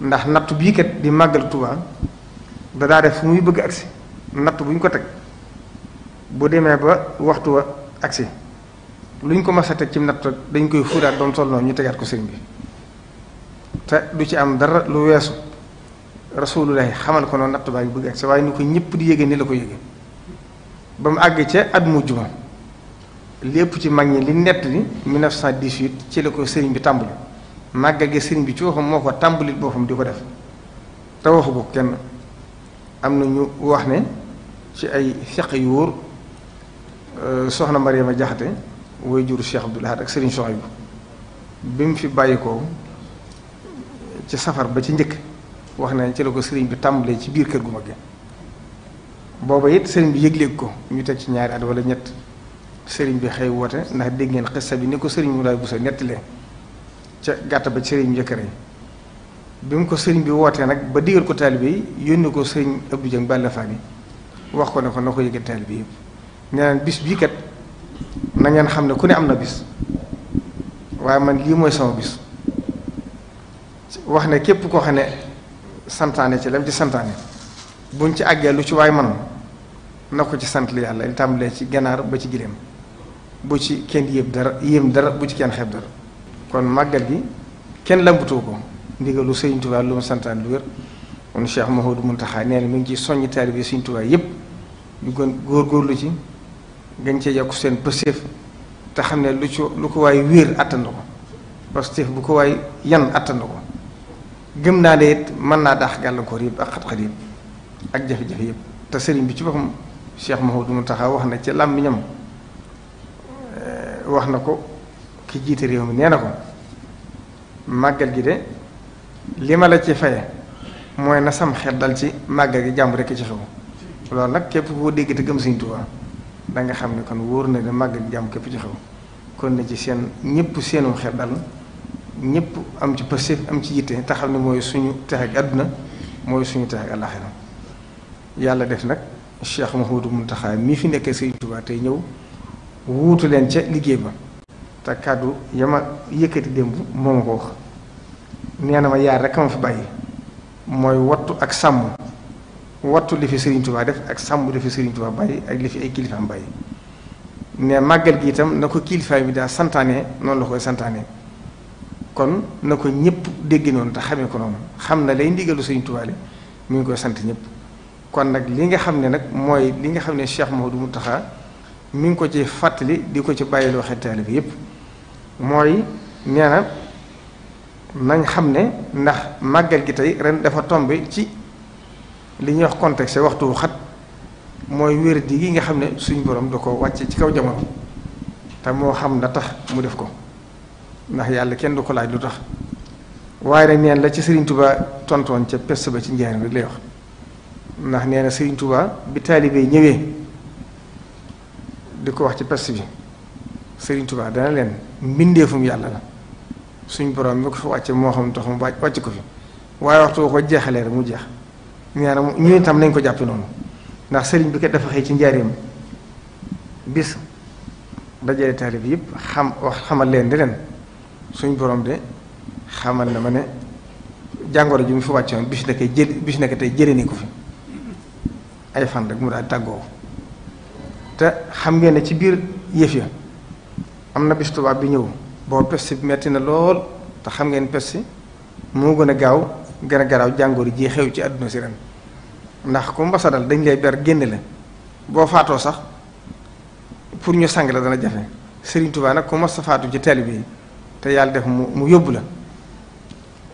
ndax natt bii kat di màggal Tuubaa da def fu muy bëgg agsi natt bu ñu ko teg bu demee ba waxtu wa agsi lu ñu ko mas a teg ci natt dañ koy fuuraat doon toll noonu ñu tegaat ko sëriñ bi te du ci am dara lu weesu rasulullahi xamal ko noonu natt baa ngi bëgg agsi waaye ni ko ñëpp di yéege ni la ko yéege ba mu àgg ca at mujj ma lépp ci mag ñi li nett ni 1918 ci la ko sëriñ bi tàmbali màgga gi sëñ bi ci waxam moo ko tàmbalit boppam di ko def te waxu ko kenn am na ñu wax ne ci ay feq yu wóor euh, soxna Mariama Jaxate way jur Cheikh Abdoul Ahad ak Serigne Souhaïbou bi mu fi bàyyi ko ci safar ba ci njëkk wax ne ci la ko sëriñ bi tàmbalee ci biir kër gu mag gi booba it sëriñ bi yëgleeg ko ñu teg ci ñaari at wala ñett sëriñ bi xëy woote ndax dégg ngeen xissa bi ni ko sëriñ mu daay busa nettalee ca gàtt ba sëriñ njëkkëriñ bi mu ko sëriñ bi wootee nag ba digal ko taalibe yi yónni ko sëriñ Abdou Dieng Balla Fally wax ko ne ko na ko yëgal taalibe yi ñeneen bis bii kat na ngeen xam ne ku ne am na bis waaye man lii mooy sama bis wax ne képp koo xam ne santaane ci lam ci santaane buñ ci àggee lu ci waay manoon na ko ci sant li yàlla li tàmbalee ci ganaar ba ci gileem bu ci kenn yéem dara yéem dara bu ci kenn xeeb dara kon màggal gi kenn lambatuwu ko ndigalu Sëriñ Tuubaa lu mu santaan lu wér kon Cheikh Mouhamadou Mountakha nee na mi ngi ci soññi taalibe Sëriñ Tuubaa ñu gën góorgóorlu ci gën cee yokk seen pëstéef te xam ne lu ci lu ko waay wéer àttan ko pëstéef bu ko waay yan àttan ko naa ne it mën naa daax gàllankoor yëpp ak ak jafe yëpp te sëriñ bi ci boppam Cheikh Mouhamadou Mountakha wax na ci làmmiñam eh, wax na ko ki jiite réew mi nee na ko màggal gi de li ma la ci faye mooy na sam xel dal ci màggal gi jàmm rekk ci xew loolu nag képp koo dégg te gëm Sëñ Tuubaa da nga xam ne kon wóor na ne màggal gi jàmm képp ci xew kon na ci seen ñëpp seenum xel dal ñëpp am ci passif am ci yitte te xam ne mooy suñu tex ak àdduna mooy suñu tex ak àllaaxira yàlla def nag Cheikh Mouhamadou Mountakha mii fi nekk Sëñ Tuubaa tey ñëw wuutu leen ca liggéey ba te kàddu yama yëkkati démb moom ko wax nee na ma yaar rek ma fi mooy wattu ak sàmm wattu li fi Serigne Touba def ak sàmm li fi Serigne ak li fi ay kilifaam bàyyi ne màggal gi na ko kilifaay bi daa santaane noonu la koy santaane kon na ko ñëpp dégg te xamee ko noonu xam na lay ndigalu Serigne mu ngi koy sant ñëpp kon nag li nga xam ne nag mooy li nga xam ne Cheikh Mahodou Moutakha mi ngi ko ci fàttali di ko ci bàyyiloo xel taalibe bi yëpp. mooy nee na nañ xam ne ndax màggal gi tey ren dafa tombe ci li ñuy wax contexte waxtu wu xat mooy wér di gi nga xam ne suñ borom du ko wàcce ci kaw jamono te moo xam la tax mu def ko ndax yàlla kenn du ko laaj lu tax waaye nag neen la ci Serigne tubaa tontoon ca pest ba ci njëriñ bi lay wax ndax nee na Serigne Touba bi taalibe ñëwee di ko wax ci pest bi sëriñ Touba dana leen mbindeefum yàlla la suñ borom mi ko fi wàcce moo xam tax mu wàcc ko fi waaye waxtu ko jeexalee rek mu jeex ñaar ñu itam nañ ko jàppe noonu ndax Serigne bi ko dafa xëy ci njaareem bis dajale taalib yëpp xam wax xamal leen di leen suñ borom de xamal na ma ne jàngoro ji mu fi wàcce woon bis nekk jël bis nekk tey jëlee ni ko fi ay fan rek mu daal tàggoo te xam ngeen ne ci biir yëf ya am na bis tubaab bi ñëw boo peste bi metti na lool te xam ngeen peste moo gën a gaaw gën a garaaw jàngoor ji xew ci àdduna si ren ndax ku mbasa dal dañ lay ber génne la boo faatoo sax pour ñu sang la dana jafe Serigne Touba nag ku mas faatu ci taalibe yi te yàlla def mu mu yóbbu la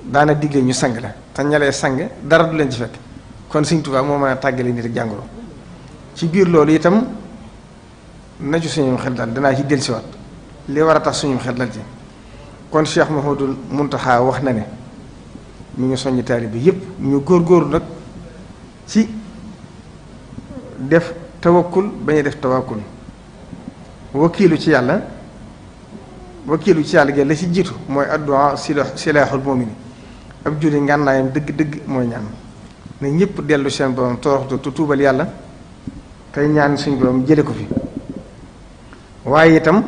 daana digle ñu sang la te ñalee sang dara du leen ci fekk kon Serigne Touba moo mën a tàggale nit ak jàngoro ci biir loolu itam na ci suñu xel daal danaa ci dellusiwaat. li war a tax suñu xel dal ci kon Cheikh mun taxaa wax na ne mu ngi soññ taalibe bi yëpp ñu góor góor nag ci def tawakkul bañu def tawakkul wakiilu ci yàlla wakiilu ci yàlla gi la ci jiitu mooy addu'a silaaxul mu'min ab julli ngànnaayam dëgg dëgg mooy ñaan na ñëpp dellu seen borom toroxtu tu tuubal yàlla tey ñaan suñu borom jële ko fi waaye itam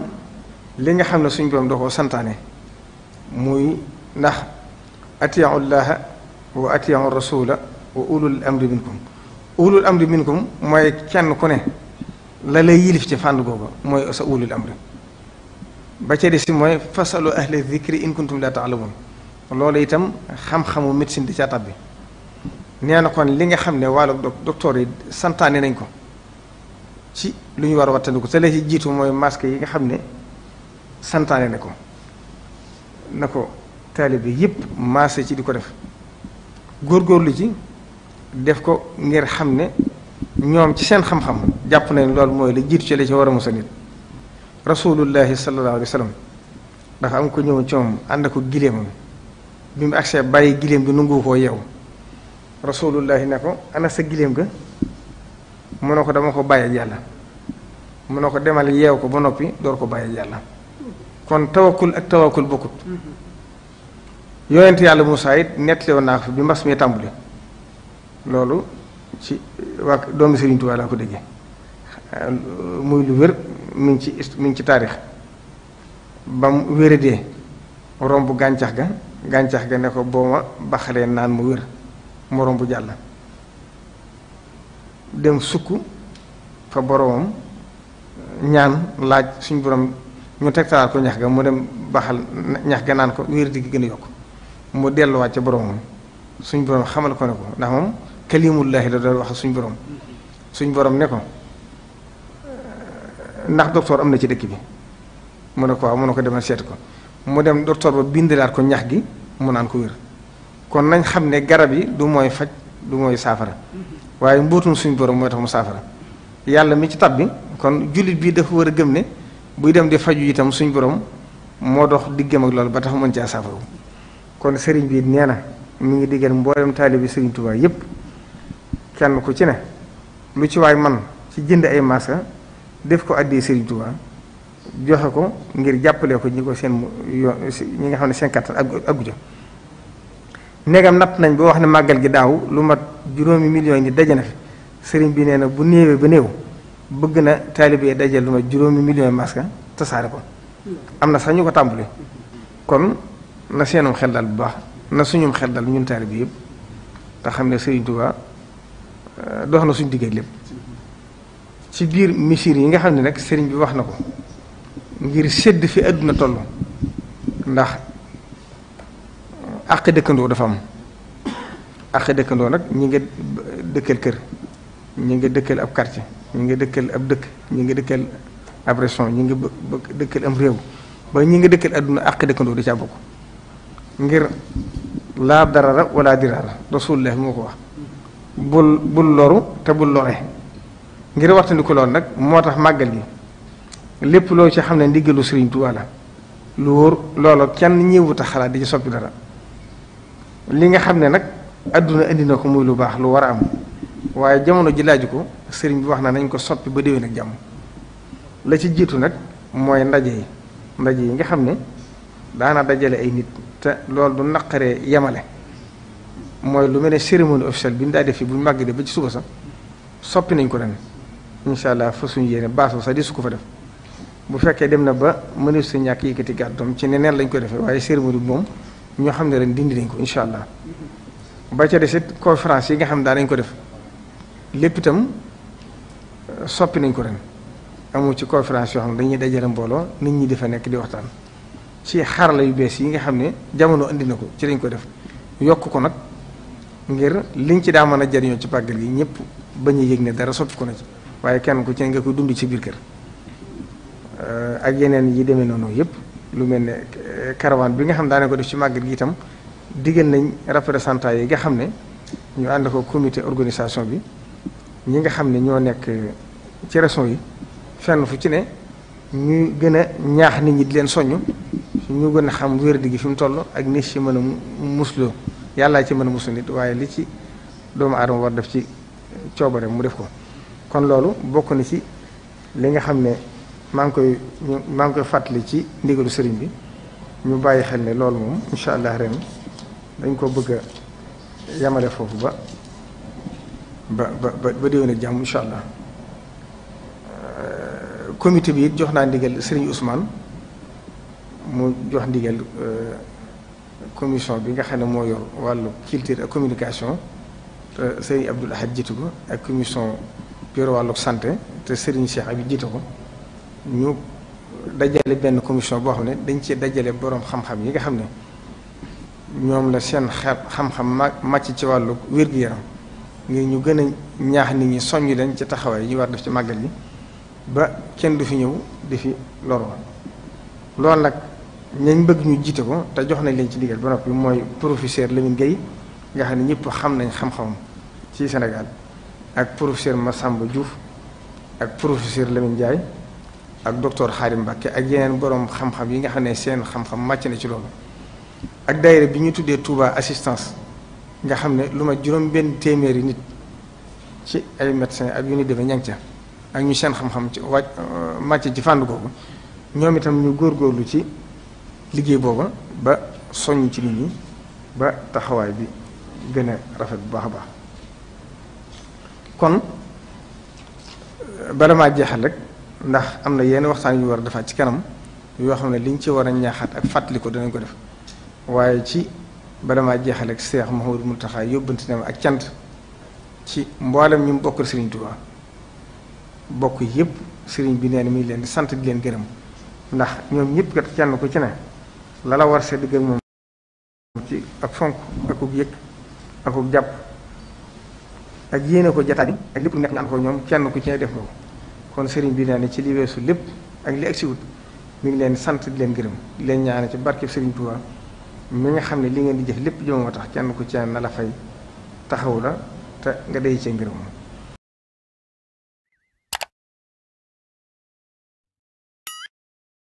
li nga xam ne suñ borom da koo santaane muy ndax atiyahu llaha wa atiyahu rasula wa ulul amri minkum ulul amri minkum mooy kenn ku ne la lay yilif ci fànn googu mooy sa ulul amri ba ca des mooy fasalu ahla dikri in kuntum la taalamun loolu itam xam-xamu médecine di ca tab nee na kon li nga xam ne wàllu docteur yi santaane nañ ko ci lu ñu war a wattandiku te la ci jiitu mooy masque yi nga xam ne santaane ne ko ne ko taalibe yépp maase ci di ko def góor góorlu ci def ko ngir xam ne ñoom ci seen xam-xam jàpp nañ loolu mooy la jiitu ci la ci war a musa nit rasulullahi sallallahu alayhi wa sallam dafa am ko ñëw ci moom ànd ko gileemam bi mu agsee bàyyi gileem gi nungu koo yeew rasulullahi ne ko ana sa gileem ga mu ne ko dama ko bàyyi yàlla mu ne ko demal yeew ko ba noppi door ko bàyyi yàlla kon tawakul ak tawakul bokut yonent yalla musa it netle wona fi bi mbas mi tambule loolu ci wa doomi Serigne Touba la ko déggee muy lu wér min ci min ci tarikh bam ga ga ne ko boo ma mu wér mu rombu jalla dem suku, fa borom ñaan laaj suñu borom ñu tegtalaat ko ñax ga mu dem baxal ñax ga naan ko wér di gi gën a yokk mu delluwaat ca boromam suñ borom xamal ko ne ko ndax moom kalimullahi la doon wax suñ borom suñ borom ne ko ndax docteur am na ci dëkk bi mu ne ko waaw mu ko demal seet ko mu dem docteur ba bindalaat ko ñax gi mu naan ko wér kon nañ xam ne garab yi du mooy faj du mooy saafara waaye mbootum suñ borom mooy tax mu saafara yàlla mi ci tab bi kon jullit bi dafa war a gëm ne buy dem di faju itam suñ boroom moo dox diggam ak loolu ba tax mën caa saafaru kon sëriñ bi nee na mu ngi diggal mboolem bi sëriñ Tuubaa yépp kenn ko ci ne lu ci waay man ci jënd ay masques def ko addee sëriñ Tuubaa joxe ko ngir jàppale ko ñi ko seen yoon ñi nga xam ne seen kattan ak aggu ja natt nañ boo wax ne màggal gi daaw lu mat juróomi million yi daje na fi sëriñ bi nee na bu néewee ba néew. bëgg na taalibe dajal lu ma juróomi million masque tasaare ko am na sax ñu ko tàmbali kon na seenum xel dal bu baax na suñum xel dal ñun taalibe yëpp te xam ne Sëriñ Tuubaa euh, dox na suñu digg lépp ci biir misir yi nga xam ne nag sëriñ bi wax na ko ngir sedd fi àdduna toll ndax àq dëkkandoo dafa am àq dëkkandoo nag ñi nga dëkkal kër ñi nga dëkkal ab quartier ñi ngi dëkkal ab dëkk ñi ngi dëkkal ab région ngi dëkkal am réew ba ñi ngi dëkkal adduna àq dëkkandoo di ca bokk ngir laa darara wala dirara rasulullah moo ko wax bul bul loru te bul lore ngir waxtandiku loolu nag moo tax màggal yi lépp loo ci xam ne ndiggalu Sëriñ Tuubaa la lu wóor loola kenn ñëwut a xalaat di ci soppi dara li nga xam ne nag àdduna indi na ko muy lu baax lu war a am waaye jamono ji laaju ko sëriñ bi wax na nañ ko soppi ba déwén ak jàmm la ci jiitu nag mooy ndaje yi yi nga xam ne daana dajale ay nit te loolu du naqaree yamale mooy lu mel ne cérémonie officielle bi ñu daa def fi bu ñu de ba ci suba sax soppi nañ ko ren incha allah fa suñu yéene baaso sax di su ko fa def bu fekkee dem na ba mënul sa ñàkk yëkkati gàddoom ci neneen lañ ko defee waaye cérémonie bi moom ñoo xam ne ren dindi nañ ko incha allah ba ca des it yi nga xam ne daanañ ko def lépp itam euh, soppi nañ ko ren amul ci conférence yoo xam ne dañuy dajale mbooloo nit ñi dafa nekk di waxtaan ci xarala yu bees yi nga xam ne jamono indi na ko ci lañ ko def yokk ko nag ngir liñ ci daa mën a jariñoo ci pàggal gi ñëpp ba ñu yëg ne dara soppi ko na ci waaye kenn ku ci nga koy dund ci biir kër euh, ak yeneen yi demee noonu yëpp lu mel ne euh, caravane bi nga xam ne daane ko def ci màggal gi itam digal nañ représentant yi nga xam ne ñu ànd ko comité organisation bi ñi nga xam ne ñoo nekk ci régions yi fenn fu ci ne ñuy gën a ñaax nit ñi di leen soññ ñu gën a xam wér digg fi mu toll ak ni ci mën a musloo yàllaa ci mën a muslu nit waaye li ci doomu aadama war def ci coobare mu def ko kon loolu bokk na ci li nga xam ne maa ngi koy maa ngi koy fàttali ci ndigalu sëriñ bi ñu bàyyi xel ne loolu moom incha allah ren dañ ko bëgg a yamale foofu ba ba ba ba déwén ak jàmm incha allah comité bi it jox naa ndigal Serigne Ousmane mu jox ndigal commission bi nga xam ne moo yor wàllu culture ak communication te Serigne Abdoul Ahad jiitu ko ak commission yor wàllu santé te Serigne Cheikh Abi jiitu ko ñu dajale benn commission boo xam ne dañ ci dajale borom xam-xam yi nga xam ne ñoom la seen xeet xam-xam màcc ci wàllu wér-gu-yaram. ngir ñu gën a ñaax nit ñi soññ leen ci taxawaay yi war def ci màggal yi ba kenn du fi ñëw di fi loroo loolu nag ñañ bëgg ñu jiite ko te jox nañ leen ci digal ba noppi mooy professeur Lamine Gueye nga xam ne ñëpp xam nañ xam-xamam ci Sénégal ak professeur Massamba juuf ak professeur Lamine Ndiaye ak docteur xaari Mbacke ak yeneen borom xam-xam yi nga xam ne seen xam-xam màcc na ci loolu ak daayira bi ñu tuddee Touba assistance. nga xam ne lu ma juróom benn téeméeri nit ci ay médecins ak yu ni demee ñang ca ak ñu seen xam-xam ci wàcc euh, màcc ci fànn googu ñoom itam ñu góor góorgóorlu ci liggéey booba ba soññ ci nit ñi ba taxawaay bi gën a rafet bu baax a baax kon bala maa jeexal rek ndax am na yenn waxtaan yu war a defaat ci kanam yoo xam ne liñ ci war a ñaaxaat ak fàttali danañ ko def waaye ci ba damaa jeexal ak Seex Mouhamadou Mountakha yóbbante na ma ak cant ci mboolem ñu mu bokkal Serigne Touba bokk yëpp sëriñ bi nee na mi ngi leen di sant di leen gërëm ndax ñoom ñëpp kenn ku ci ne la la war sa digg ak moom ci ak fonk akuk yëg akuk jàpp ko jataay ak lépp nekk nga ko ñoom kenn ku ci ne def nga ko kon sëriñ bi nee ci li weesu lépp ak li egsiwut mi ngi leen sant di leen gërëm di leen ñaane ci barkeb sëriñ Touba. mi nga xam ne li ngeen di jëf lépp jëm moo tax kenn ku ci na la fay taxaw la te nga day ci mbirum